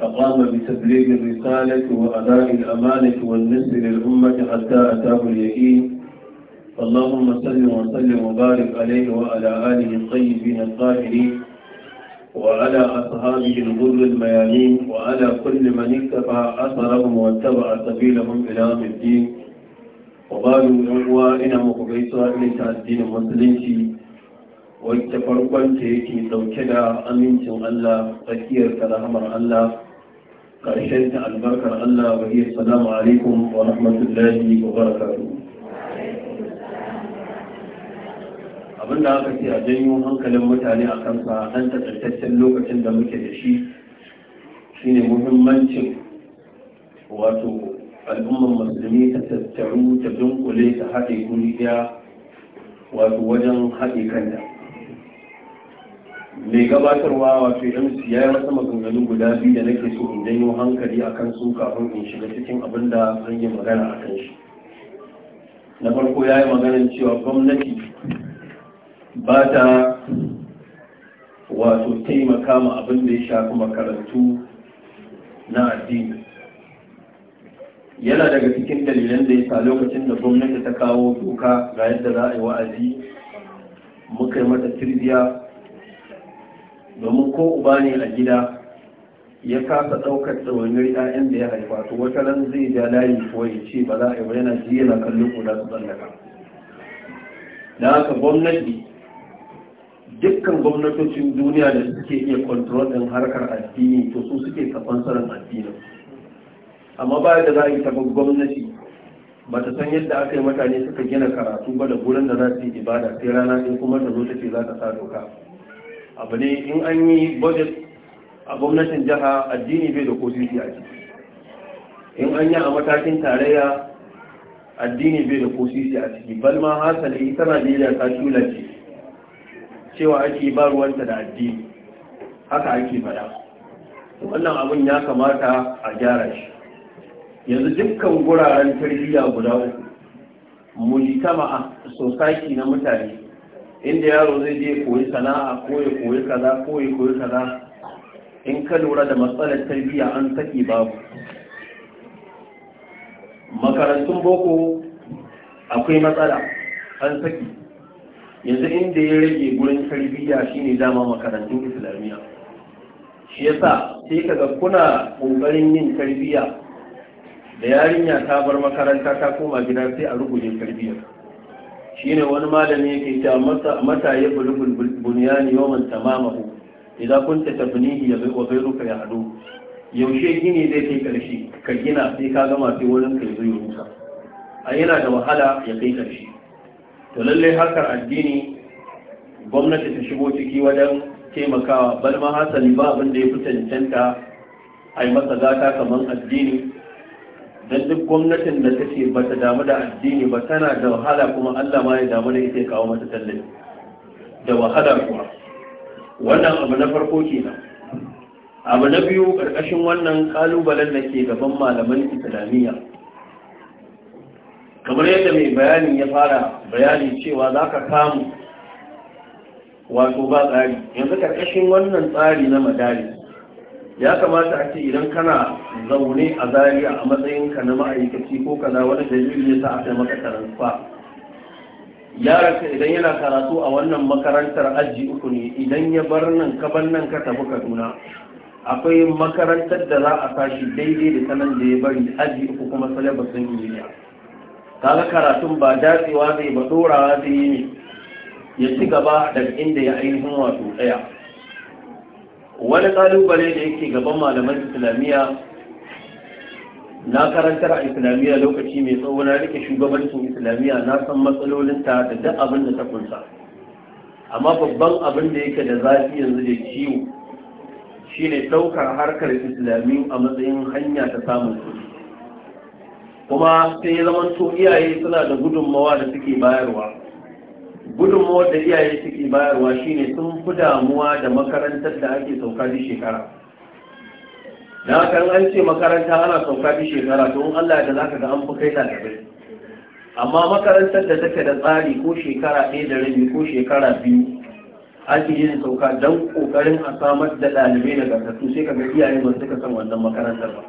أقام بتبليغ الرسالة وأداء الأمانة والنصر للأمة حتى أتاه اليقين اللهم صل وسلم وبارك عليه وعلى آله الطيبين الطاهرين وعلى أصحابه الغر الميامين وعلى كل من اتبع أثرهم واتبع سبيلهم إلى يوم الدين وقالوا إن مقبيسوا إليك الدين المسلمين wacce farkon ta yake dauke da amincin Allah tsakiyar ta rahamar Allah karshen ta albarkar Allah wa iya salamu alaikum wa rahmatullahi wa barakatuh abin da aka ce a janyo hankalin mutane a kansa an taƙaitaccen lokacin da muke da shi shine muhimmancin wato al'ummar musulmi ta tattaru ta dunkule ta haɗe guri wato wajen haɗe kanta mai gabatarwa wato yan ya yi masa maganganu guda biyu da nake so in janyo hankali a kan su kafin in shiga cikin abin da zan yi magana a kan shi na farko ya yi maganin cewa gwamnati ba ta wato taimaka ma abin da ya shafi makarantu na addini yana daga cikin dalilan da ya sa lokacin da gwamnati ta kawo doka ga yadda za a yi wa'azi muka yi mata tirbiya domin ko uba ne a gida ya kasa ɗaukar tsawonin ‘ya'yan da ya haifa to wata ran zai ja layi ko ya ce ba za a yi ba yana jiya na kallon kula su tsallaka da haka gwamnati dukkan gwamnatocin duniya da suke iya kontrol ɗin harkar addini to su suke safansarin addinin amma ba da za a yi taɓa gwamnati ba ta san yadda aka yi mutane suka gina karatu ba da gurin da za su yi ibada sai rana ɗin kuma da zo ta ce za ta sa doka abu ne in an yi budget a gwamnatin jiha addini bai da kotisi a ciki in an yi a matakin tarayya addini bai da kotisi a ciki balma hasali tana da ta shulace cewa ake ba ruwanta da addini haka ake fada wannan abin ya kamata a gyara shi yanzu dukkan guraren tarbiyya guda uku mujtama'a society na mutane inda yaro zai je koyi sana'a ko ya koyi kaza ko ya koyi kaza in ka lura da matsalar tarbiyya an saki babu makarantun boko akwai matsala an saki yanzu inda ya rage gurin tarbiyya shine dama makarantun islamiyya shi yasa sai kaga kuna kokarin yin tarbiyya da yarinya ta bar makaranta ta koma gida sai a rubuce tarbiyyar shine wani malami yake ta mata ya bulbul bunyani yawan tamamahu idan kunta tabnihi ya wa ghayruka ya hadu yaushe gini zai kai karshe ka gina sai ka gama sai wurin kai zai rusa a yana da wahala ya kai karshe to lalle harkar addini gwamnati ta shigo ciki wajen taimakawa bal ma hasali ba da ya fi cancanta a yi masa gata kamar addini Dan duk gwamnatin da take ce ba ta damu da addini ba tana da wahala kuma allah ma ya damu da ita kawo mata tallafi da wahala kuwa wannan abu na farko kenan abu na biyu karkashin wannan ƙalubalen da ke gaban malaman islamiyya kamar yadda mai bayani ya fara bayani cewa za ka kamu wato ba tsari yanzu karkashin wannan tsari na madari ya kamata a ce idan kana zaune a zariya a matsayinka na ma'aikaci ko kaza wani dalili ya sa kai maka taransifa yaranka idan yana karatu a wannan makarantar aji uku ne idan ya bar nan ka nan ka tafi kaduna akwai makarantar da za a tashi daidai da sanan da ya bari aji uku kuma yi injiniya kaga karatun ba datsewa zai ba dorawa zai yi ne ya ci gaba daga inda ya ainihin wato tsaya wani kalubale da yake gaban malaman islamiyya na karantar a islamiyya lokaci mai tsawo na rike shugabancin islamiyya na san matsalolinta da duk abin da ta kunsa amma babban abin da yake da zafi yanzu da ciwo shi ne ɗaukar harkar islamiyya a matsayin hanya ta samun kuɗi kuma sai ya zama iyaye suna da gudunmawa da suke bayarwa Gudunmawar da iyaye suke bayarwa shine sun fi damuwa da makarantar da ake sauka duk shekara na kan an ce makaranta ana sauka duk shekara to Allah da za ka ga an fi kai ɗalibai amma makarantar da take da tsari ko shekara ɗaya da rabi ko shekara biyu ake yin sauka don ƙoƙarin a samar da ɗalibai daga tattu sai ka ga iyaye ba suka san wannan makarantar ba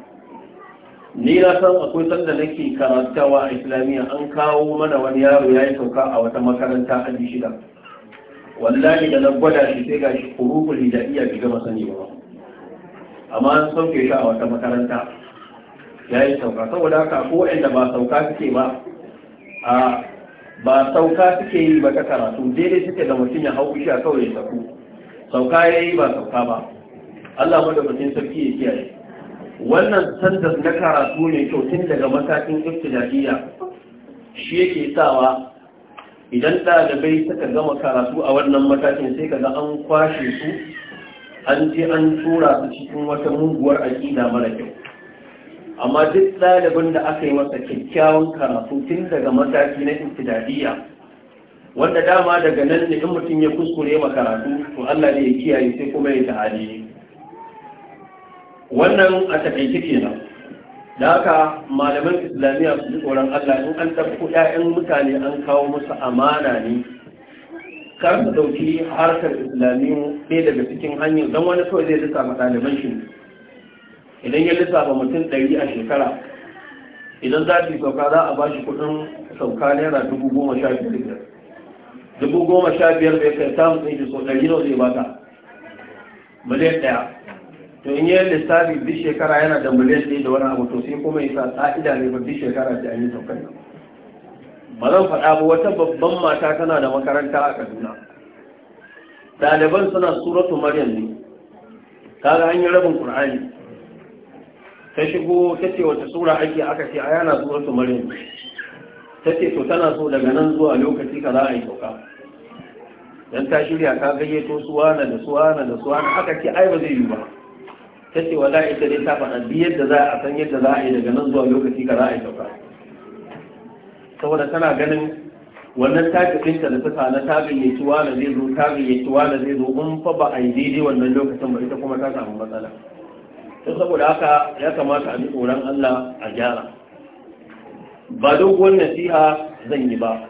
ni na san akwai sanda nake karantawa a islamiyya an kawo mana wani yaro ya yi sauka a wata makaranta aji shida wallahi da na gwada shi sai ga shi kurukuli da iya bi gama sani ba amma an sauke shi a wata makaranta ya yi sauka saboda haka ko inda ba sauka suke ba a ba sauka suke yi ba ta karatu daidai suke da mutum ya hau shi a kawai ya sauka ya yi ba sauka ba Allah madaukakin sarki ya kiyaye wannan sandar na karatu ne kyau tun daga matakin iftidariya shi yake sawa idan ɗalibai suka gama karatu a wannan matakin sai kaga an kwashe su an ce an tura su cikin wata muguwar aƙida mara kyau amma duk ɗalibin da aka yi masa kyakkyawan karatu tun daga mataki na iftidariya wanda dama daga nan ne in mutum ya kuskure ma karatu to Allah ne ya kiyaye sai kuma ya ta'ali wannan a takaice kenan da haka malaman islamiyya su ji tsoron Allah in an tafi 'ya'yan mutane an kawo musu amana ne kar su dauki harkar islamiyya ɗaya daga cikin hanyar don wani kawai zai lissafa ɗaliban shi idan ya lissafa mutum ɗari a shekara idan za su sauka za a ba shi kuɗin sauka naira dubu goma sha biyar dubu goma sha biyar bai kai samun ɗari nawa zai bata miliyan ɗaya to in yi lissafi duk shekara yana da miliyan ɗaya da wani abu to sai kuma yasa ƙa'ida ne ba duk shekara da an yi saukar ba zan faɗa ba wata babban mata tana da makaranta a kaduna ɗaliban suna suratu maryam ne kaga an yi rabin ƙur'ani ta shigo ta ce wata sura ake aka ce a yana suratu maryam ta ce to tana so daga nan zuwa lokaci ka za a yi sauka dan ta shirya ka gayyato suwana da suwana da suwana aka ce ai ba zai yi ba ta ce wala ita dai ta faɗa duk yadda za a san yadda za a yi daga nan zuwa lokaci ka za a yi sauka saboda tana ganin wannan ta da ta na tabin ya ci wala zai zo tabin ya ci zai zo in fa ba a yi daidai wannan lokacin ba ita kuma ta samu matsala to saboda haka ya kamata a ji tsoron Allah a gyara ba doguwar nasiha zan yi ba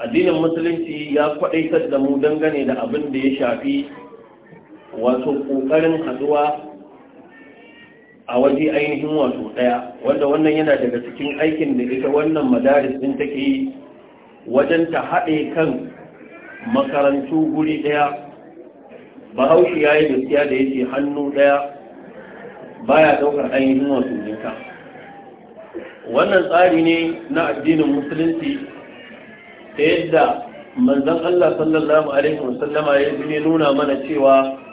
addinin musulunci ya kwaɗaitar da mu dangane da abin da ya shafi wato ƙoƙarin haɗuwa a waje ainihin wato ɗaya wanda wannan yana daga cikin aikin da ita wannan madaris ɗin take yi wajen ta haɗe kan makarantu guri ɗaya bahaushe ya yi gaskiya da yake hannu ɗaya baya ɗaukar ainihin wato jinka wannan tsari ne na addinin musulunci ta yadda manzon Allah sallallahu alaihi wasallama ya ne nuna mana cewa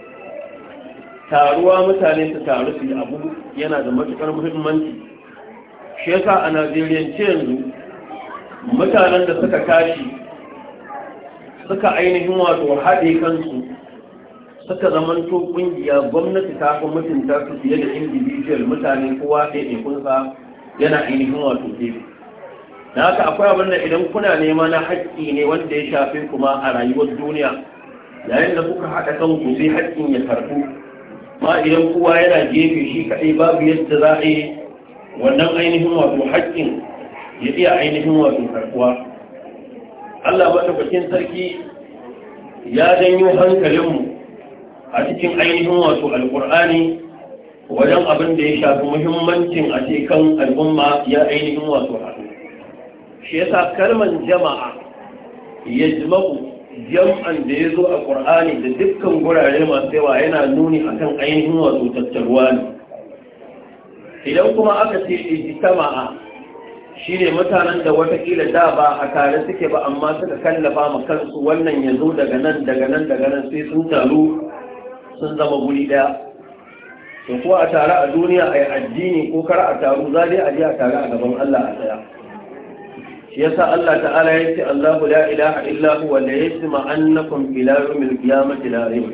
taruwa mutane su taru su abu yana da matukar muhimmanci shi a najeriya ce yanzu mutanen da suka tashi suka ainihin wato haɗe kansu suka zamanto ƙungiya gwamnati ta fi mutunta su fiye da individual mutane kowa kunsa yana ainihin wato gefe da haka akwai abin da idan kuna nema na haƙƙi ne wanda ya shafe kuma a rayuwar duniya yayin da kuka haɗa kanku sai haƙƙin ya karɓu ma idan kowa yana gefe shi kaɗai babu yadda za a yi wannan ainihin wato haƙƙin ya iya ainihin wato karkuwa Allah maɗaukakin sarki ya janyo hankalinmu a cikin ainihin wato alƙur'ani wajen abin da ya shafi muhimmancin a cikin al'umma ya ainihin wato haɗu shi yasa kalmar jama'a ya jima'u jam'an da ya zo a ƙur'ani da dukkan gurare masu yawa yana nuni akan ainihin wato tattaruwa ne idan kuma aka ce shi ne mutanen da watakila da ba a tare suke ba amma suka kallafa ma kansu wannan ya zo daga nan daga nan daga nan sai sun taru sun zama guri ɗaya to kuwa a tare a duniya a yi addini ko kar a taru za dai a je a tare a gaban Allah a tsaya shi yasa Allah ta'ala ya ce Allahu la ilaha illa huwa la yasma annakum ila yawmil qiyamati la rayb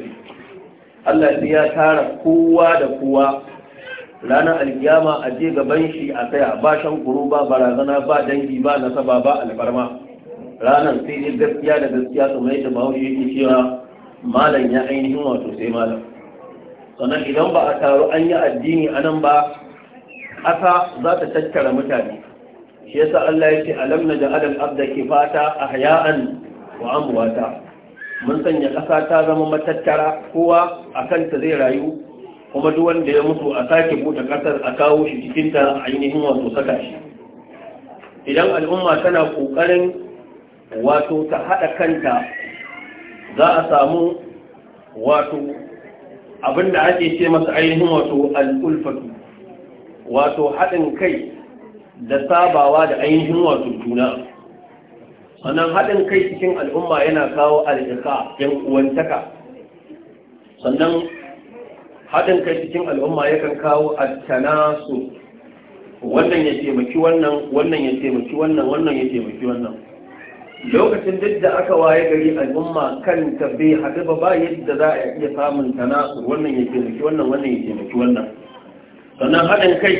Allah sai ya tara kowa da kowa ranar alkiyama a je gaban shi a tsaya ba shan kuru ba barazana ba dangi ba nasaba ba alfarma ranar sai ne gaskiya da gaskiya kamar da bahaushe yake cewa malam ya ainihin wato sai malam sannan idan ba a taru an yi addini a nan ba ƙasa za ta tattara mutane shi yasa Allah ya ce alam da adal abda kifata haya'an wa amwata mun sanya ƙasa ta zama matattara kowa akan ta zai rayu kuma duk wanda ya mutu a sake buɗe ƙasar a kawo shi cikin ta ainihin wato saka shi idan al'umma tana ƙoƙarin wato ta haɗa kanta za a samu wato abinda ake ce masa ainihin wato al'ulfatu wato haɗin kai da sabawa da ainihin wato juna sannan haɗin kai cikin al'umma yana kawo al'ika yan uwantaka sannan haɗin kai cikin al'umma yakan kawo su wannan ya taimaki wannan wannan ya taimaki wannan wannan ya taimaki wannan lokacin duk da aka waye gari al'umma kan tabbe haɗu ba ba yadda za a iya samun tana wannan ya taimaki wannan wannan ya taimaki wannan sannan haɗin kai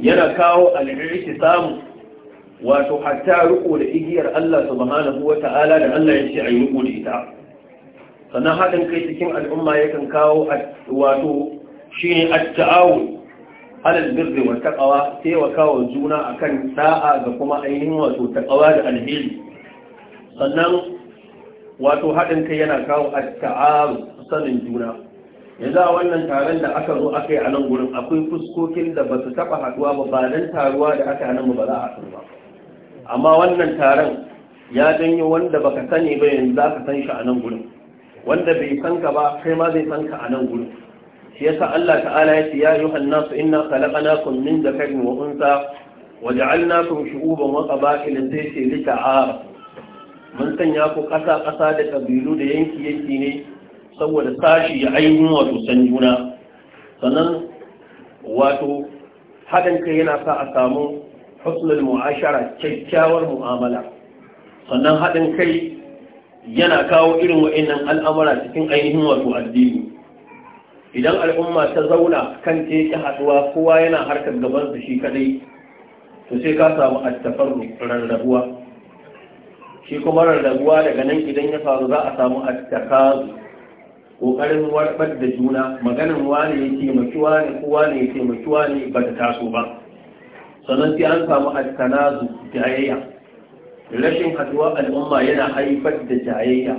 yana kawo al'irki samu wato hatta riko da igiyar Allah subhanahu wa ta'ala da Allah ya ce a yi riko da ita sannan haɗin kai cikin al'umma yakan kawo wato shi ne a ta'awun alal birri wa taƙawa taimakawa juna akan da'a ga kuma ainihin wato taƙawa da alheri sannan wato haɗin kai yana kawo a ta'awun sanin juna yanzu a wannan taron da aka zo aka yi a nan gurin akwai fuskokin da ba su taɓa haɗuwa ba ba don taruwa da aka yi a nan ba za a san ba amma wannan taron ya janyo wanda baka sani ba yanzu za ka san shi a nan gurin wanda bai san ka ba kai ma zai san ka a nan gurin shi yasa Allah ta'ala ya ce ya yuhan nasu inna khalaqnakum min dhakarin wa unsa wa ja'alnakum shu'uban wa qaba'ila sai ce lita'arafu mun sanya ku ƙasa ƙasa da kabilu da yanki yanki ne saboda sashi ya ainihin wato san juna sannan wato haɗin kai yana sa a samu husnul mu'ashara kyakkyawar mu'amala sannan haɗin kai yana kawo irin wa'inan al'amura cikin ainihin wato addini idan al'umma ta zauna kan teke haɗuwa kowa yana harkar gaban da shi kadai to sai ka samu attafar rarrabuwa shi kuma rarrabuwa daga nan idan ya faru za a samu attakazu kokarin warbar da juna maganin wani ya ce maki wani ko ne ya maki wani ba ta taso ba sannan sai an samu su jayayya rashin haduwa al'umma yana haifar da jayayya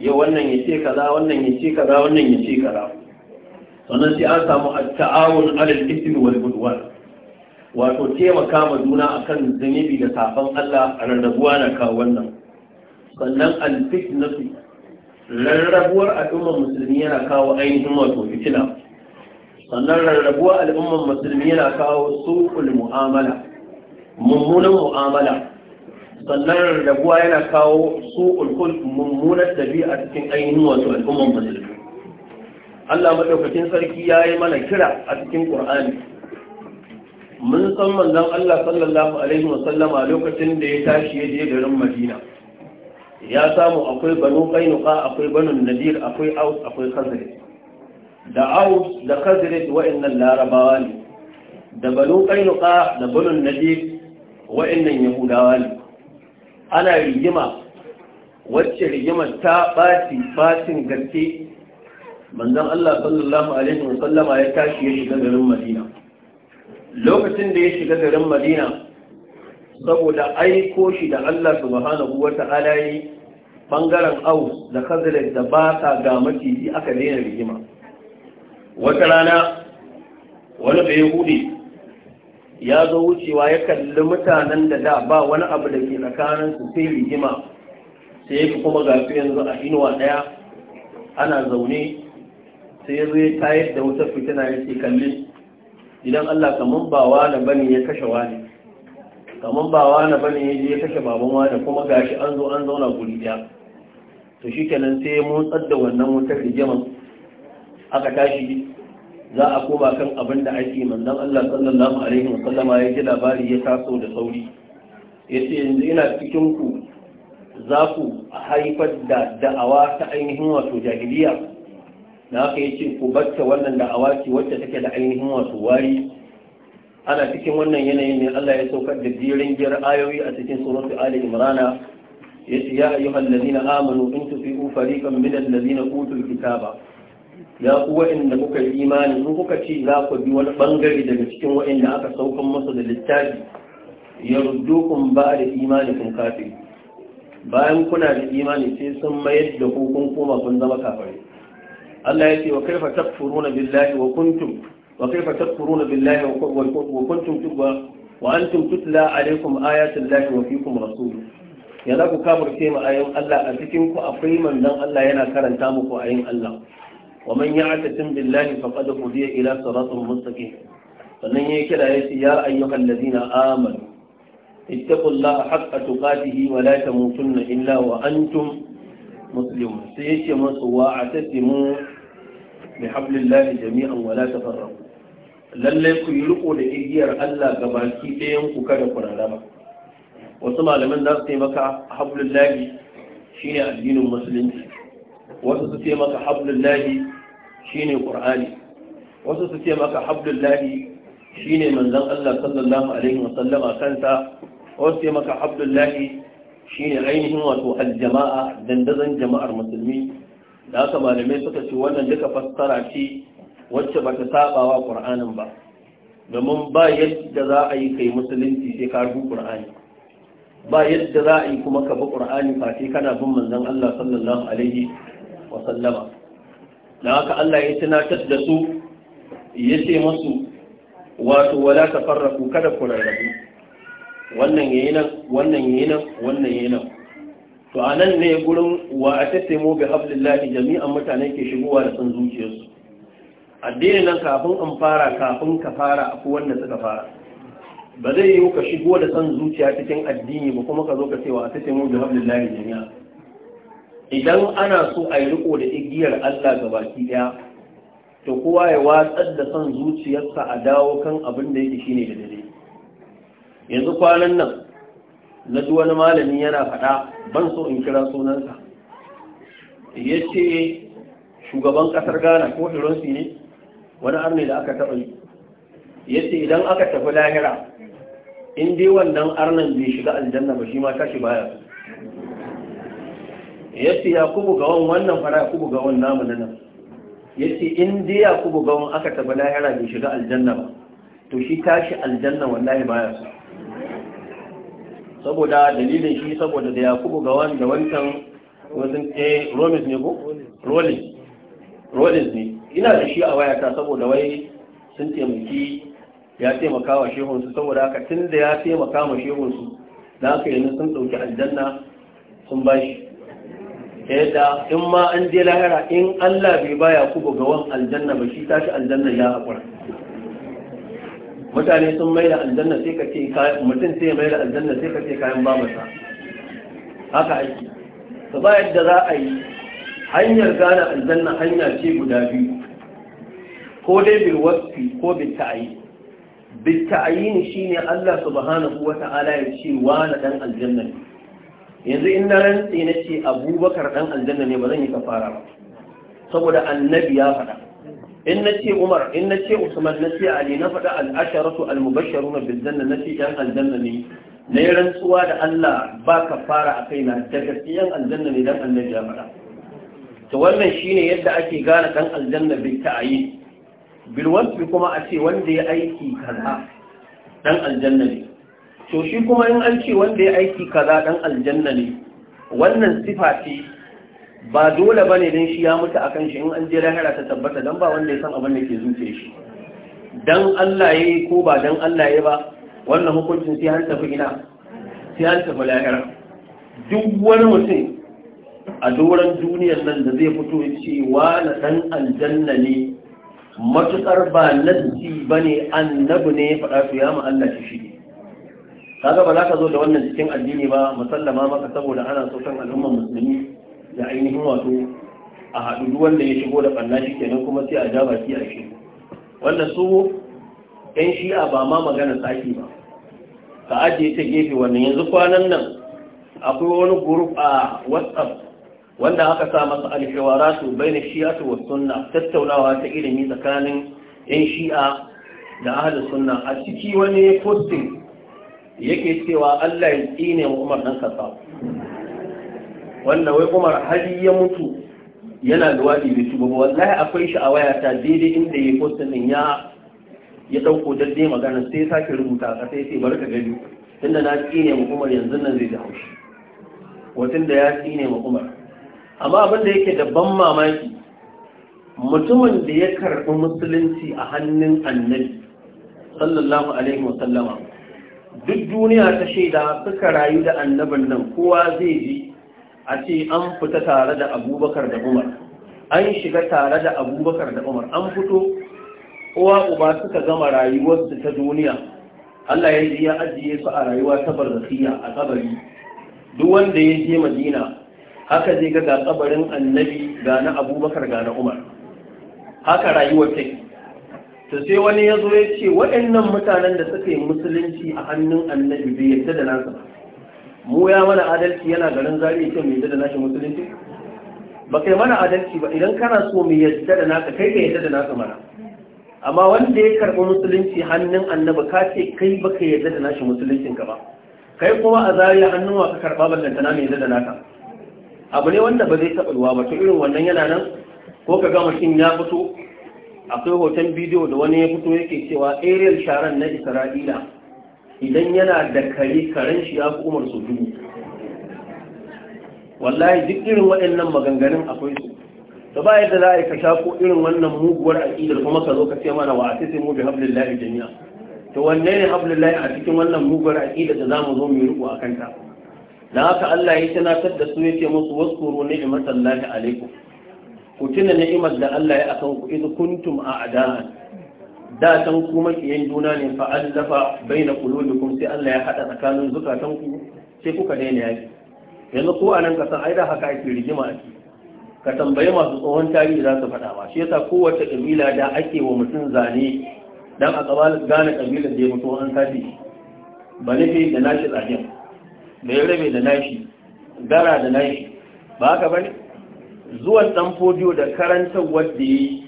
yau wannan ya ce kaza wannan ya ce kaza wannan ya ce kaza sannan sai an samu ta'awun alal ismi wal budwa wato taimaka ma juna akan zunubi da safan Allah a rarrabuwa na kawo wannan sannan al fitnatu rarrabuwar al'ummar musulmi yana kawo ainihin wato fitina sannan rarrabuwar al'ummar musulmi yana kawo su'ul mu'amala mummunan mu'amala sannan rarrabuwa yana kawo su'ul kul mummunar dabi'a cikin ainihin wato al'ummar musulmi Allah madaukakin sarki ya yi mana kira a cikin Ƙur'ani. mun san manzon Allah sallallahu alaihi wasallama lokacin da ya tashi ya je garin Madina ya samu akwai banu kainuka akwai banu nadir akwai aus akwai khazraj da aus da khazraj wa'annan larabawa ne da banu kainuka da banu nadir wa'annan yahudawa ne ana rigima wacce rigimar ta ɓaci bacin gaske manzon Allah sallallahu alaihi wasallama ya tashi ya shiga garin Madina lokacin da ya shiga garin Madina saboda aiko shi da Allah subhanahu wa ta'ala yi bangaren au da kazirin da ba ta ga maciji aka daina rigima wata rana wani bai hudi ya zo wucewa ya kalli mutanen da da ba wani abu da ke tsakanin su sai rigima sai kuma gafi yanzu a inuwa daya ana zaune sai ya ya tayar da wata fitina ya ce kalli idan Allah kamun ba wani bane ya kashe wani kamar ba wani bane ya je kashe baban da kuma gashi an zo an zauna guri ɗaya. to shi kenan sai ya motsar da wannan wutar da rigiman aka tashi za a koma kan abin da ake manzon Allah sallallahu alaihi sallama ya ji labari ya taso da sauri ya ce yanzu ina cikin ku za ku haifar da da'awa ta ainihin wato jahiliya na haka ya ce ku bacce wannan da'awa ce wacce take da ainihin wato wari ana cikin wannan yanayin ne Allah ya saukar da jerin giyar ayoyi a cikin suratul Ali Imran yace ya ayyuhal ladina amanu in tufi'u fariqan min alladhina utul kitaba ya ku wa'inda kuka yi imani in kuka ci za ku bi wani bangare daga cikin wa'inda aka saukan masa da littafi yaruddukum ba'da imanikum kafir bayan kuna da imani sai sun mayar da ku kun koma kun zama kafare Allah ya ce wa kaifa takfuruna billahi wa kuntum وكيف تكفرون بالله وكنتم تبوا وأنتم تتلى عليكم آيات الله وفيكم رسوله yana ku kamar ce ma ayin Allah a cikin ku akwai manzon Allah yana karanta muku ayin Allah wa man ya'tasim billahi faqad hudiya ila siratin mustaqim sannan yayi kira yace ya ayyuhal ladina amanu ittaqullaha haqqa tuqatihi wa la tamutunna illa wa antum muslimun sai yace musu wa atasimu bihablillahi jami'an wa la tafarraqu lallai ku yi riko da igiyar Allah ga baki ɗayan ku kada ku rarraba wasu malaman za su taimaka hablullahi shine addinin musulunci wasu su taimaka hablullahi shine qur'ani wasu su taimaka hablullahi shine manzon Allah sallallahu alaihi wa sallama kansa wasu taimaka hablullahi shine ainihin wato aljama'a dandazon jama'ar musulmi da haka malamai suka ce wannan duka fassara ce wacce ba ta saba wa ƙur'anin ba domin ba yadda za a yi kai musulunci sai ka rubu ƙur'ani ba yadda za a yi kuma ka bi ƙur'ani ba sai kana bin manzon Allah sallallahu alaihi wa sallama dan haka Allah ya tunatar da su ya ce musu wato wala tafarraqu kada ku rarrabu wannan yayi nan wannan yayi nan wannan yayi nan to anan ne gurin wa atasimu bi hablillahi jami'an mutane ke shigowa da san zuciyarsu addinin nan kafin an fara kafin ka fara akwai wanda suka fara ba zai yiwu ka shigo da san zuciya cikin addini ba kuma ka zo ka ce wa ta taimu da hablin lari jami'a idan ana so a yi riko da igiyar allah ga baki daya to kowa ya watsar da san zuciyarsa a dawo kan abin da yake shine da dare yanzu kwanan nan na ji wani malami yana faɗa ban so in kira sunansa ya ce shugaban ƙasar ghana ko hironsi ne wani arni da aka taɓa yi yadda idan aka tafi lahira in dai wannan arnan bai shiga aljanna ba shi ma tashi baya yadda ya kubu wani wannan fara kubu gawan namu nan yadda in dai ya kubu gawan aka tafi lahira bai shiga aljanna ba to shi tashi aljanna wallahi baya saboda dalilin shi saboda da ya kubu gawan da wancan wajen a eh, romis ne ko rollins rollins ne ina da shi a wayata saboda wai sun taimaki ya taimaka wa shehunsu saboda haka tun da ya taimaka ma shehunsu na aka yi sun ɗauki aljanna sun ba shi ta yadda in ma an je lahira in allah bai baya ku wani aljanna ba shi tashi aljanna ya haƙura mutane sun mai da aljanna sai ka ce mutum sai mai da aljanna sai ka ce kayan ba masa haka aiki su ba yadda za a yi hanyar gane aljanna hanya ce guda biyu ko dai bil wasfi ko bil ta'ayi bil ta'ayin shine Allah subhanahu wata'ala ya ce wa na dan aljanna ne yanzu in na rantsi na ce Abubakar dan aljanna ne ba zan yi kafara ba saboda annabi ya faɗa in na ce Umar in na ce Usman na ce Ali na faɗa al-asharatu al-mubashsharuna bil janna na ce dan aljanna ne na yi rantsuwa da Allah ba kafara a kaina daga siyan aljanna ne dan annabi ya faɗa to wannan shi ne yadda ake gane ɗan aljanna bil a bil wasfi kuma a ce wanda ya aiki kaza ɗan aljanna ne to shi kuma in an ce wanda ya aiki kaza ɗan aljanna ne wannan sifa ce ba dole ba ne don shi ya mutu akan shi in an je lahira ta tabbata don ba wanda ya san abin da ke zuce shi dan Allah yayi ko ba dan Allah yayi ba wannan hukuncin sai an tafi ina sai an tafi lahira duk wani mutum a doron duniyar nan da zai fito ce wa na ɗan aljanna ne matuƙar ba nazi ba ne annabu ne ya faɗa su ya Allah shi shige kaga ba za ka zo da wannan cikin addini ba musallama maka saboda ana so kan al'ummar musulmi da ainihin wato a haɗu wanda ya shigo da ɓanna shi kenan kuma sai a ja baki a shi wanda su yan shi'a ba ma magana saki ba ka ajiye ta gefe wannan yanzu kwanan nan akwai wani group a whatsapp wanda aka sa masa alhiwaratu baina shi'atu was sunna tattaunawa ta ilimi tsakanin yan shi'a da ahlus sunna a ciki wani posting yake cewa Allah ya tsine wa Umar dan kasa wanda wai Umar hali ya mutu yana luwadi da shugaba wallahi akwai shi a wayata daidai inda ya posting din ya ya dauko daddai magana sai sake rubuta ka sai sai barka gani tunda na tsine wa Umar yanzu nan zai da haushi watan da ya tsine wa Umar amma abin da yake da ban mamaki mutumin da ya karɓi musulunci a hannun annabi sallallahu alaihi wasallama duk duniya ta shaida suka rayu da annabin nan kowa zai ji a ce an fita tare da abubakar da umar an shiga tare da abubakar da umar an fito kowa uba suka gama rayuwarsu ta duniya Allah ya ji ya ajiye su a rayuwa ta barzakiya a kabari duk wanda ya je madina haka zai ga ga annabi ga na abubakar ga na umar haka rayuwar take Ta sai wani ya zo ya ce waɗannan mutanen da suka yi musulunci a hannun annabi bai yadda da nasa mu ya mana adalci yana garin zari ce mai yadda da nashi musulunci ba kai mana adalci ba idan kana so mai yadda da naka kai ka yadda da nasa mana amma wanda ya karɓi musulunci hannun annabi ka ce kai ba ka yadda da nashi musuluncin ka ba kai kuma a zariya hannun wa ka karɓa ballantana mai yadda da naka abu ne wanda ba zai taɓarwa ba to irin wannan yana nan ko ka gama mutum ya fito akwai hoton bidiyo da wani ya fito yake cewa ariel sharan na isra'ila idan yana da kare karen shi ya fi umar su dubu wallahi duk irin waɗannan maganganun akwai su to ba yadda za a yi ka shafo irin wannan muguwar aƙidar kuma ka zo ka ce mana wa a sai mu bi hablillahi jami'a to wanne ne hablillahi a cikin wannan muguwar aƙidar da za mu zo mu yi ruku a kanta da haka Allah ya tunatar da su yake musu waskuru ni'matan lahi alaikum ku tuna ni'imar da Allah ya akan ku idh kuntum adana da tan ku makiyan juna ne fa dafa baina qulubikum sai Allah ya hada tsakanin zukatan ku sai kuka daina yaki yanzu ko anan ka san ai da haka ake rigima a ka tambayi masu tsohon tarihi za su faɗa ba shi yasa kowace kabila da ake wa mutum zane dan a gane kabilar da ya mutu an kafi ba nufi da nashi zanen da ya rabe da nashi gara da nashi ba haka bane zuwan dan fodiyo da karantar wanda yi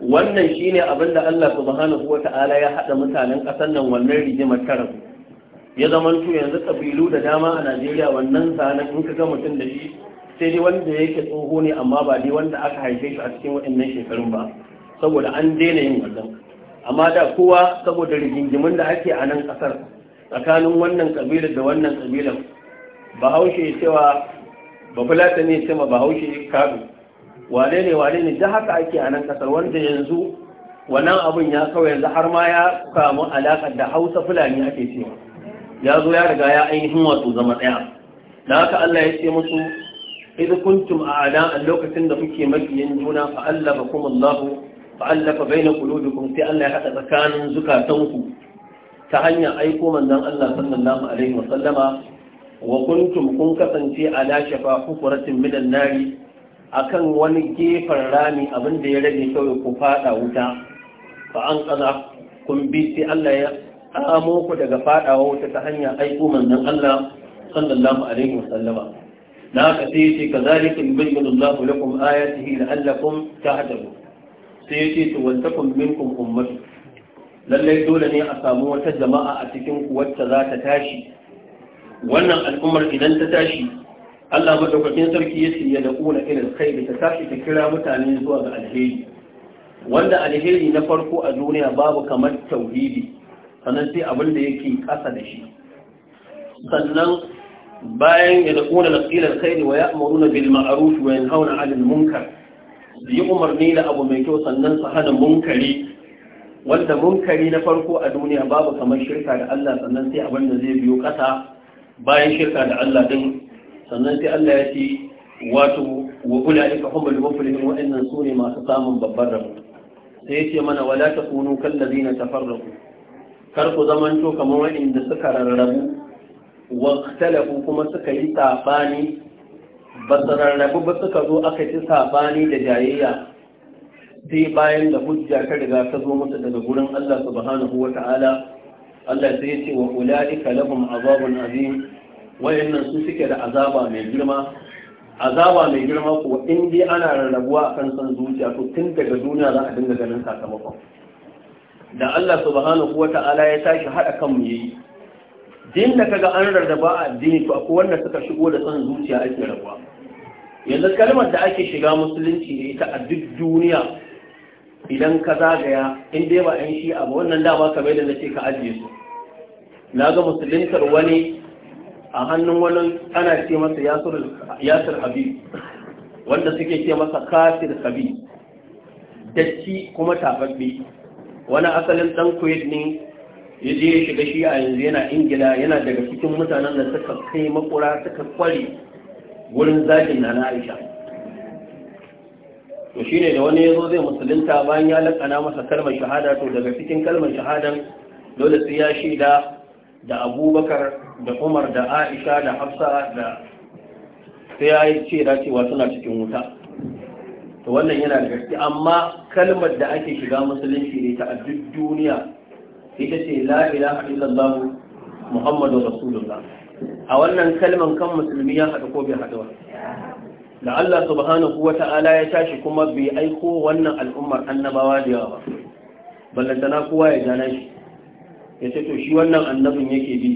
wannan shine abin da Allah subhanahu wata'ala ya hada mutanen kasar nan wannan rijimar ta Ya ya to yanzu kabilu da dama a Najeriya wannan sanan in ka ga mutum da shi sai dai wanda yake tsoho ne amma ba dai wanda aka haife shi a cikin wannan shekarun ba saboda an daina yin wannan amma da kowa saboda rigingimin da ake a nan kasar tsakanin wannan kabilar da wannan kabilar bahaushe ya cewa bafulata ne ya cewa bahaushe ya kaɗu wane ne wane ne da haka ake a nan kasar wanda yanzu wannan abin ya kawai yanzu har ma ya samu alaƙar da hausa fulani ake cewa ya zo ya riga ya ainihin wato zama ɗaya da haka Allah ya ce musu idan kuntum a a lokacin da kuke makiyin juna fa'allafa kuma Allah fa'allafa bai na sai Allah ya haɗa tsakanin zukatanku ta hanyar aiko manzon Allah sallallahu alaihi sallama, wa kuntum kun kasance a ala shafa hukuratin minan nari akan wani gefen rami abin da ya rage kawai ku fada wuta fa an kaza kun bi sai Allah ya amo ku daga fadawa wuta ta hanyar aiko manzon Allah sallallahu alaihi sallama. na haka sai yace kazalika yubayyinu Allahu lakum ayatihi la'allakum tahtadun sai yace to wantakum minkum ummatu lallai dole ne a samu wata jama'a a cikin wacce za ta tashi wannan al'ummar idan ta tashi Allah madaukakin sarki ya shirya da kuna irin kai da ta tashi ta kira mutane zuwa ga alheri wanda alheri na farko a duniya babu kamar tauhidi sannan sai abin da yake kasa da shi sannan bayan ya daƙuna na tsilar wa ya amuru na bil ma'aruf wa yan hauna alil munkar yi umarni da abu mai kyau sannan su hana munkari wanda munkari na farko a duniya babu kamar shirka da Allah sannan sai abin da zai biyo ƙasa bayan shirka da Allah din sannan sai Allah ya ce wato wa ulaika humul muflihun wa'annan sune masu samun babbar rabu. sai yace mana wala takunu kal ladina tafarraqu kar ku zamanto kamar wa'anda suka rarrabu waqtalafu kuma suka yi sabani ba su rarrabu ba suka zo aka ci sabani da jayayya sai bayan da hujja ta riga ta zo masa daga gurin Allah subhanahu wa ta'ala Allah sai ya ce wa ula'ika lahum azabun azim wayannan su suke da azaba mai girma azaba mai girma ko in dai ana rarrabuwa akan san zuciya to tun daga duniya za a dinga ganin sakamakon da Allah subhanahu wa ta'ala ya tashi hada kan mu yayi din da kaga an rarraba a addini to akwai wanda suka shigo da san zuciya ake rabuwa yanzu kalmar da ake shiga musulunci ne ita a duk duniya idan ka zagaya in dai ba yan shi abu wannan dama kamar da ce ka ajiye su na ga musulintar wani a hannun wani ana ce masa yasir habib wanda suke ce masa kafir habib dacci kuma tafaffe wani asalin dan kuwait ne ya je ya shiga shi a yanzu yana ingila yana daga cikin mutanen da suka kai makura suka kware wurin zagin na na aisha to shine da wani ya zo zai musulunta bayan ya lakana masa kalmar shahada to daga cikin kalmar shahadan dole sai ya shaida da abubakar da umar da aisha da hafsa da sai ya yi ce cewa suna cikin wuta to wannan yana da gaske amma kalmar da ake shiga musulunci ne ta a duk duniya ita ce la ilaha muhammadu rasulullah a wannan kalmar kan musulmi ya haɗa ko bai haɗu da Allah subhanahu wa ta'ala ya tashi kuma bai aiko wannan al'ummar annabawa da yawa ba na kowa ya jana shi ya ce to shi wannan annabin yake bi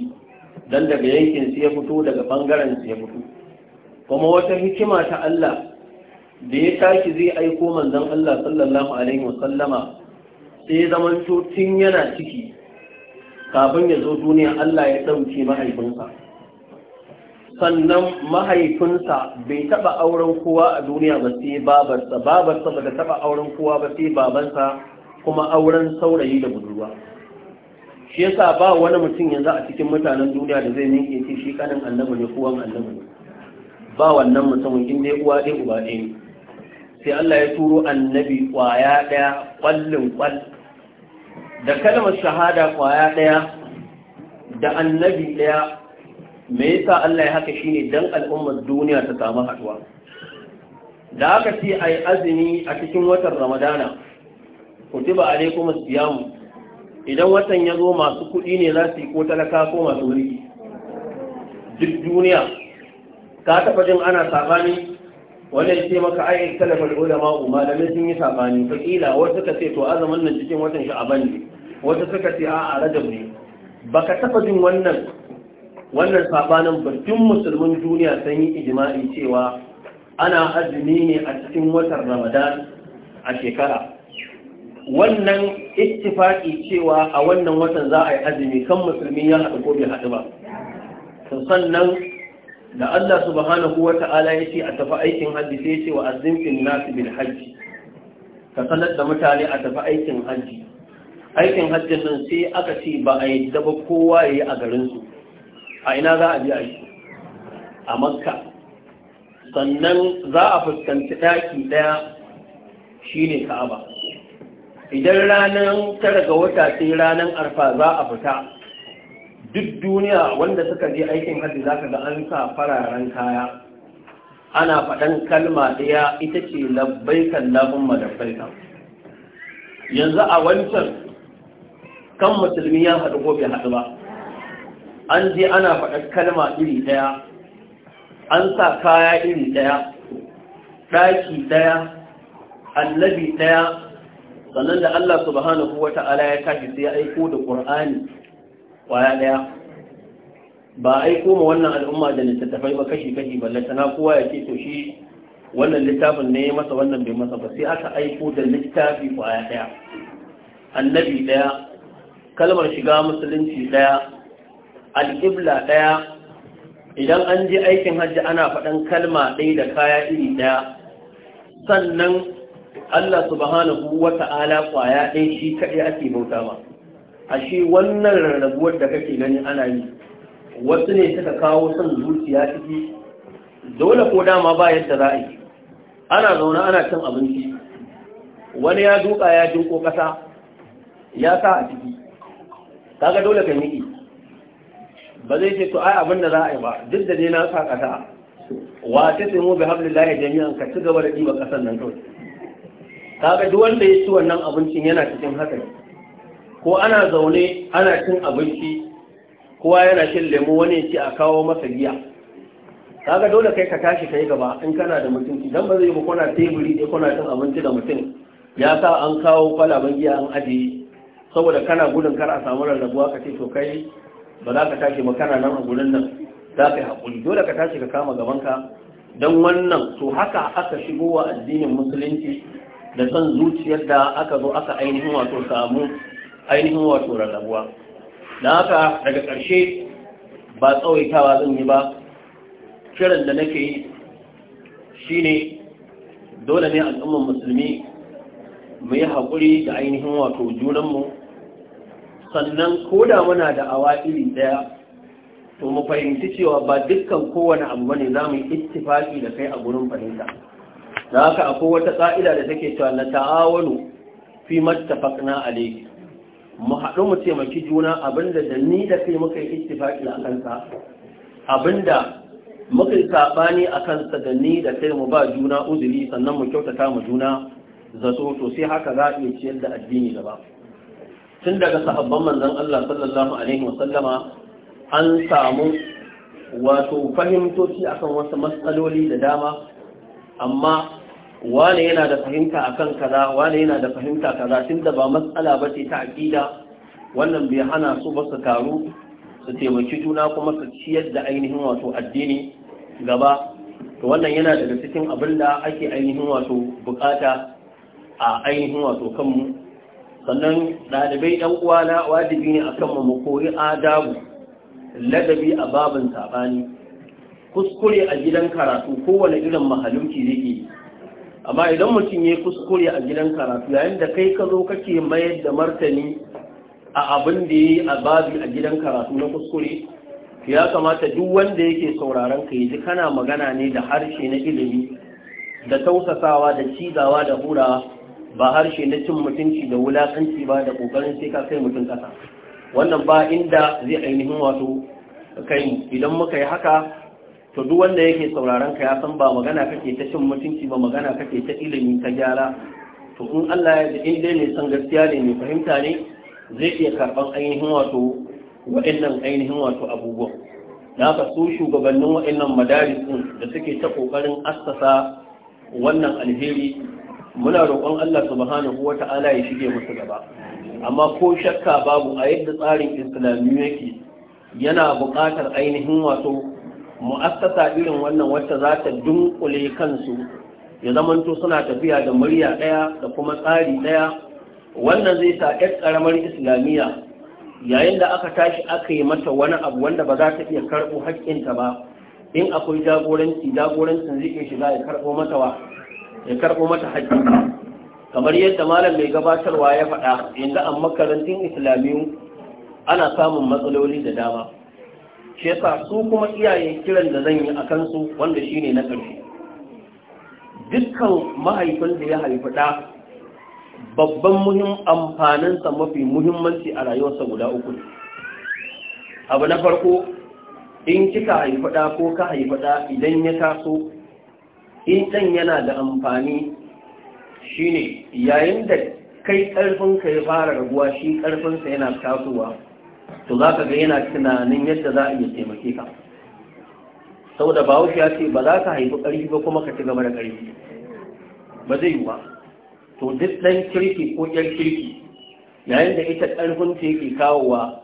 dan daga yankin sai ya fito daga bangaren sai ya fito kuma wata hikima ta Allah da ya tashi zai aiko manzon Allah sallallahu alaihi wa sallama sai to tun yana ciki kafin ya zo duniya Allah ya dauke mahaifinsa sannan mahaifinsa bai taba auren kowa a duniya ba sai babarsa babarsa ba da taɓa auren kowa ba sai babansa kuma auren saurayi da budurwa shi yasa ba wani mutum yanzu a cikin mutanen duniya da zai ninke ce shi kanin annabi ne kowa annabi ne ba wannan mutum in dai uwa dai uba dai. sai Allah ya turo annabi ƙwaya ɗaya ƙwallin ƙwal da kalmar shahada kwaya ɗaya da annabi ɗaya me yasa Allah ya haka shine dan al'ummar duniya ta samu haduwa da haka sai ai azumi a cikin watan Ramadana kutiba alaikum siyamu idan watan ya zo masu kuɗi ne za su yi ko talaka ko masu riki. duk duniya ka taɓa jin ana saɓani wanda ya ce maka ai talafar ulama umma da sun yi saɓani fakila wasu suka ce to azumin nan cikin watan sha'aban ne wata suka ce a'a rajab ne baka taɓa jin wannan wannan sabanin bakin musulmin duniya sun yi ijima'i cewa ana azumi ne a cikin watan ramadan a shekara wannan ittifaki cewa a wannan watan za a yi azumi kan musulmi ya haɗu ko bai haɗu ba sannan da Allah subhanahu wa ta'ala ya ce a tafi aikin hajji sai ce wa azimfin nasu bil hajji ka sanar da mutane a tafi aikin hajji aikin hajjin nan sai aka ce ba a yi daba kowa ya yi a garinsu a ina za a bi a a makka sannan za a fuskanci ɗaki ɗaya shine ka'aba idan ranar tara ga wata sai ranar arfa za a fita duk duniya wanda suka je aikin hajji zaka ga an sa fararen kaya ana faɗan kalma ɗaya ita ce labbaikan labin madabbaika yanzu a wancan kan musulmi ya haɗu ko bai haɗu ba an je ana faɗar kalma iri ɗaya an sa kaya iri ɗaya ɗaki ɗaya annabi ɗaya sannan da Allah subhanahu wa ta'ala ya tashi sai ya aiko da ƙur'ani ƙwaya ɗaya ba aiko ma wannan al'umma da littattafai ba kashi-kashi ballata na kowa ya ce to shi wannan littafin ne ya masa wannan bai masa ba sai aka aiko da littafi ƙwaya ɗaya annabi ɗaya kalmar shiga musulunci ɗaya alƙibla ɗaya idan an ji aikin hajji ana faɗan kalma ɗaya da kaya iri ɗaya sannan Allah subhanahu wata ala ƙwaya ɗai shi kaɗai ake bauta ma ashe wannan rarrabuwar da kake gani ana yi wasu ne suka kawo son zuciya ciki dole ko dama ba yadda za a yi ana zaune ana cin abinci wani ya duka ya jinko ƙasa ya sa a ciki kaga dole ka miƙi ba zai ce to ai abin da za a yi ba duk da ne na sakata wa ta mu bi hablillahi jami'an ka ci gaba da diba kasan nan kawai kaga duk wanda ya ci wannan abincin yana cikin hatsari ko ana zaune ana cin abinci kowa yana cin lemu wani ya ci a kawo masa giya kaga dole kai ka tashi kai gaba in kana da mutunci dan ba zai ba kuna teburi dai kuna cin abinci da mutum ya sa an kawo kwalaban giya an ajiye saboda kana gudun kar a samu rarrabuwa ka ce to kai ba za ka tashi ba kana nan a gurin nan za ka yi haƙuri dole ka tashi ka kama gabanka don wannan to haka aka shigo wa addinin musulunci da son zuciyar da aka zo aka ainihin wato samu ainihin wato rarrabuwa don haka daga ƙarshe ba tsawaitawa zan yi ba kiran da nake yi shi ne dole ne al'ummar musulmi mu yi haƙuri da ainihin wato junanmu sannan ko da muna da awa iri daya to mu fahimci cewa ba dukkan kowane abu bane za mu yi ittifaki da kai a gurin fahimta da haka akwai wata ƙa'ida da take cewa na ta'awanu fi mattafaqna alayhi mu haɗu mu taimaki juna abinda da ni da kai muka yi ittifaki a kansa abinda muka yi saɓani a kansa da ni da kai mu ba juna uzuri sannan mu kyautata mu juna zato to sai haka za a iya ciyar da addini gaba. ba tun daga sahabban manzan Allah sallallahu alaihi wasallama an samu wato fahimtoci akan wasu matsaloli da dama amma wane yana da fahimta a kan kaza wane yana da fahimta kaza da ba matsala ba ce ta aƙida wannan bai hana su ba su taru su taimaki juna kuma su ciyar da ainihin wato addini gaba to wannan yana daga cikin abin da ake ainihin wato bukata a ainihin wato kanmu sannan ɗalibai ɗan uwana wajibi ne akan mu koyi adabu ladabi a babin saɓani kuskure a gidan karatu kowane irin mahalunci zai ke. amma idan mutum ya kuskure a gidan karatu yayin da kai ka zo kake mayar da martani a abin da ya yi a babi a gidan karatu na kuskure ya kamata duk wanda yake sauraron ka ji kana magana ne da harshe na ilimi da tausasawa da cizawa da hurawa ba harshe na cin mutunci da wulakanci ba da kokarin sai ka kai mutum kasa wannan ba inda zai ainihin wato kai idan muka yi haka to duk wanda yake sauraron ka ya san ba magana kake ta cin mutunci ba magana kake ta ilimi ta gyara to in Allah ya in dai ne san gaskiya ne mai fahimta ne zai iya karban ainihin wato wa'annan ainihin wato abubuwa da haka su shugabannin wa'annan madaris din da suke ta kokarin assasa wannan alheri muna roƙon Allah subhanahu ta'ala ya shige musu gaba amma ko shakka babu a yadda tsarin islamiyya yake yana buƙatar ainihin wato mu'assasa irin wannan wacce za ta dunkule kansu ya zamanto suna tafiya da murya ɗaya da kuma tsari ɗaya wannan zai sa ƴar ƙaramar islamiyya yayin da aka tashi aka yi mata wani abu wanda ba za ta iya karɓo haƙƙinta ba in akwai jagoranci jagorancin zai iya shiga ya karɓo mata wa ya karɓo mata hajji kamar yadda malam mai gabatarwa ya faɗa yanzu a makarantun islamiyu ana samun matsaloli da dama shi su kuma iyaye kiran da zan yi a kansu wanda shi ne na ƙarshe dukkan mahaifin da ya haifi ɗa babban muhim amfaninsa mafi muhimmanci a rayuwarsa guda uku abu na farko in kika haifi ɗa ko ka haifi ɗa idan ya taso in ɗan yana da amfani shine yayin da kai ƙarfinka ya fara raguwa shi ƙarfinsa yana tasowa to za ka ga yana tunanin yadda za a iya taimake ka saboda bahaushe ya ce ba za ka haifi ƙarfi ba kuma ka ci gaba da ƙarfi ba zai yi ba to duk ɗan kirki ko ƴar kirki yayin da ita ta yake kawowa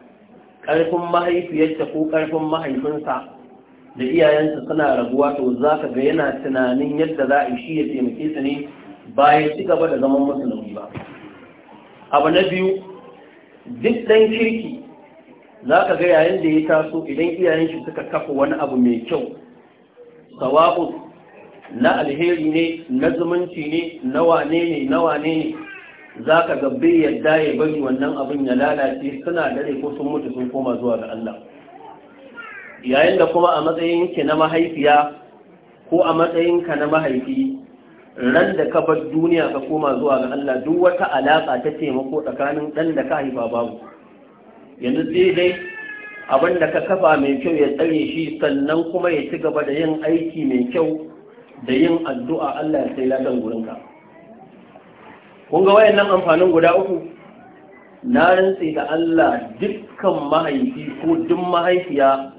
ƙarfin mahaifiyarta ko ƙarfin mahaifinsa da iyayensa suna rabuwa to za ka ga yana tunanin yadda za a shi ya taimake su ne bayan ci gaba da zaman musulmi ba abu na biyu duk ɗan kirki za ka ga yayin da ya taso idan iyayen shi suka kafa wani abu mai kyau sawa'u na alheri ne na zumunci ne na wane ne na wane ne za ka gabbe yadda ya bari wannan abin ya lalace suna dare ko sun mutu sun koma zuwa ga Allah yayin da kuma a matsayin ki na mahaifiya ko a matsayinka na mahaifi ran da ka bar duniya ka koma zuwa ga Allah duk wata alaƙa ta taimako tsakanin dan da ka haifa babu yanzu sai dai abin da ka kafa mai kyau ya tsare shi sannan kuma ya ci gaba da yin aiki mai kyau da yin addu'a Allah ya sai ladan gurinka kun ga wayannan amfanin guda uku na rantsi da Allah dukkan mahaifi ko duk mahaifiya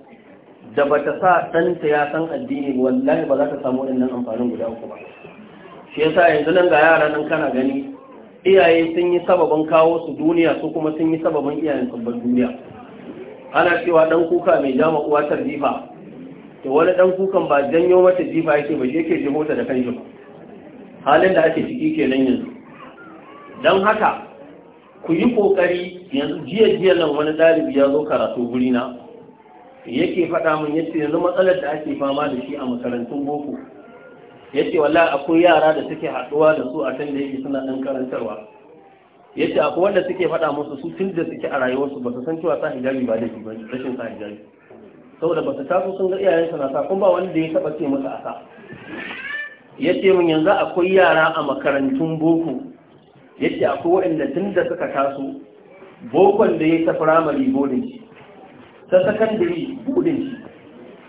da ba ta sa ɗanta ya san addini wallahi ba za ta samu waɗannan amfanin guda uku ba shi yasa yanzu nan ga yara nan kana gani iyaye sun yi sababin kawo su duniya su kuma sun yi sababin iyayen sabbin duniya ana cewa ɗan kuka mai jama uwa ta jifa to wani ɗan kukan ba janyo mata jifa yake ba shi yake ji ta da kan shi halin da ake ciki kenan yanzu don haka ku yi ƙoƙari yanzu jiya jiya nan wani ɗalibi ya zo karatu na yake faɗa min yace yanzu matsalar da ake fama da shi a makarantun boko yace wallahi akwai yara da suke haɗuwa da su a can da yake suna ɗan karantarwa yace akwai wanda suke faɗa musu su tun da suke a rayuwarsu ba su san cewa sa hijabi ba da ba rashin sa hijabi saboda ba su taso sun ga iyayensu na sa kuma ba wanda ya taɓa ce musu a sa yace min yanzu akwai yara a makarantun boko yace akwai waɗanda tun da suka taso bokon da ya ta firamare bodin shi ta sakandare buɗin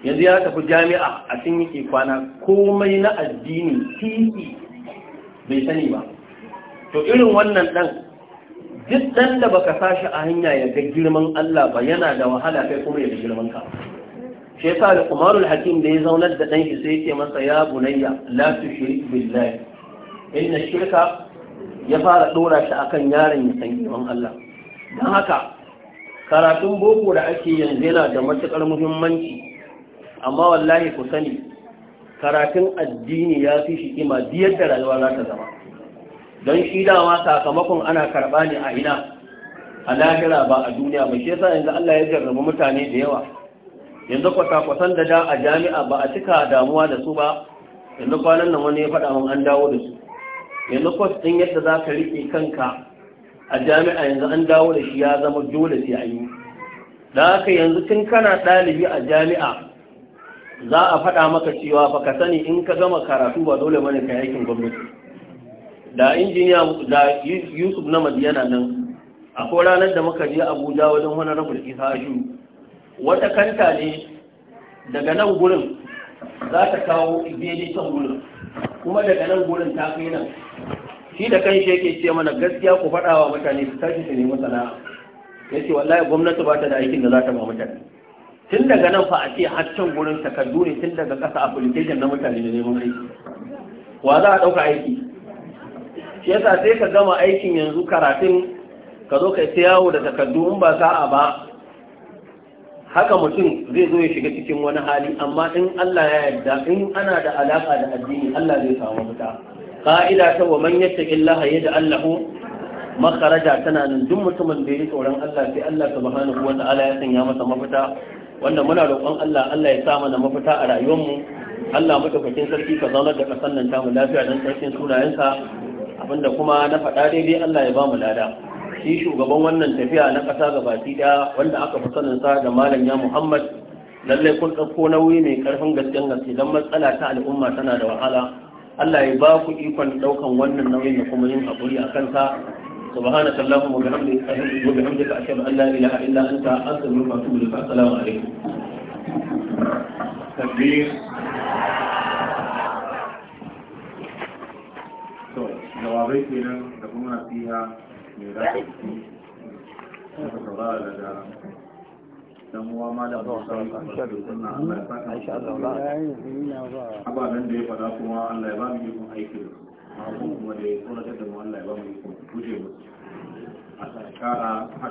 shi yanzu ya tafi jami'a a cin yake kwana komai na addini titi bai sani ba to irin wannan ɗan duk ɗan da baka sashi a hanya ya ga girman Allah ba yana da wahala kai kuma ya ga girman ka shi yasa da Umarul Hakim da ya zaunar da ɗan shi sai yake masa ya bunayya la tushrik billahi inna shirka ya fara dora shi akan yaron ya san girman Allah dan haka karatun boko da ake yanzu yana da matuƙar muhimmanci amma wallahi ku sani karatun addini ya fi shi kima biyar da rayuwa za ta zama don shi dama sakamakon ana karɓa ne a ina a lahira ba a duniya ba shi yasa yanzu Allah ya jarraba mutane da yawa yanzu kwata da da a jami'a ba a cika damuwa da su ba yanzu kwanan nan wani ya faɗa an dawo da su yanzu kwas ɗin yadda za ka riƙe kanka a jami'a yanzu an dawo da shi ya zama dole sai an yi da haka yanzu tun kana ɗalibi a jami'a za a faɗa maka cewa fa ka sani in ka gama karatu ba dole bane ka aikin gwamnati da injiniya da yusuf na madiyana nan akwai ranar da muka je abuja wajen wani rabul isashu wata kanta ne daga nan gurin za ta kawo daidai gurin kuma daga nan gurin ta kai nan shi da kanshi yake ce mana gaskiya ku faɗa wa mutane su tashi su nemi sana'a ya ce wallahi gwamnati ba ta da aikin da za ta ba mutane tun daga nan fa a ce can gurin takardu ne tun daga ƙasa application na mutane da neman aiki wa za a ɗauka aiki shi yasa sai ka gama aikin yanzu karatun ka zo ka ta yawo da takardu in ba sa'a ba haka mutum zai zo ya shiga cikin wani hali amma in Allah ya yarda in ana da alaka da addini Allah zai samu mutum Ka'ida ta wa man yattaqi Allah yaj'al lahu makaraja tana nan duk mutumin da ya tsoron Allah sai Allah subhanahu wa ta'ala ya sanya masa mafita wanda muna roƙon Allah Allah ya samu na mafita a rayuwar mu Allah madaukakin sarki ka zaunar da kasan nan tamu lafiya don sarkin sunayensa abinda kuma na faɗa daidai Allah ya ba mu lada shi shugaban wannan tafiya na ƙasa gabaki ɗaya wanda aka fi sanin sa da malam ya Muhammad lallai kun ɗauko nauyi mai ƙarfin gaskiyar gaske don matsala ta al'umma tana da wahala Allah ya ba ku ikon daukan wannan nauyin da kuma yin hakuri a kansa subhanaka allahumma wa bihamdika wa bihamdika ashhadu an la ilaha illa anta astaghfiruka wa atubu ilaik assalamu alaikum takbir to jawabai kenan da kuma nasiha mai da ta saurara daga dan uwa malam Musa insha Allah ababen da ya faɗa kuma Allah ya ba aiki da da ya tsoratar da ba guje a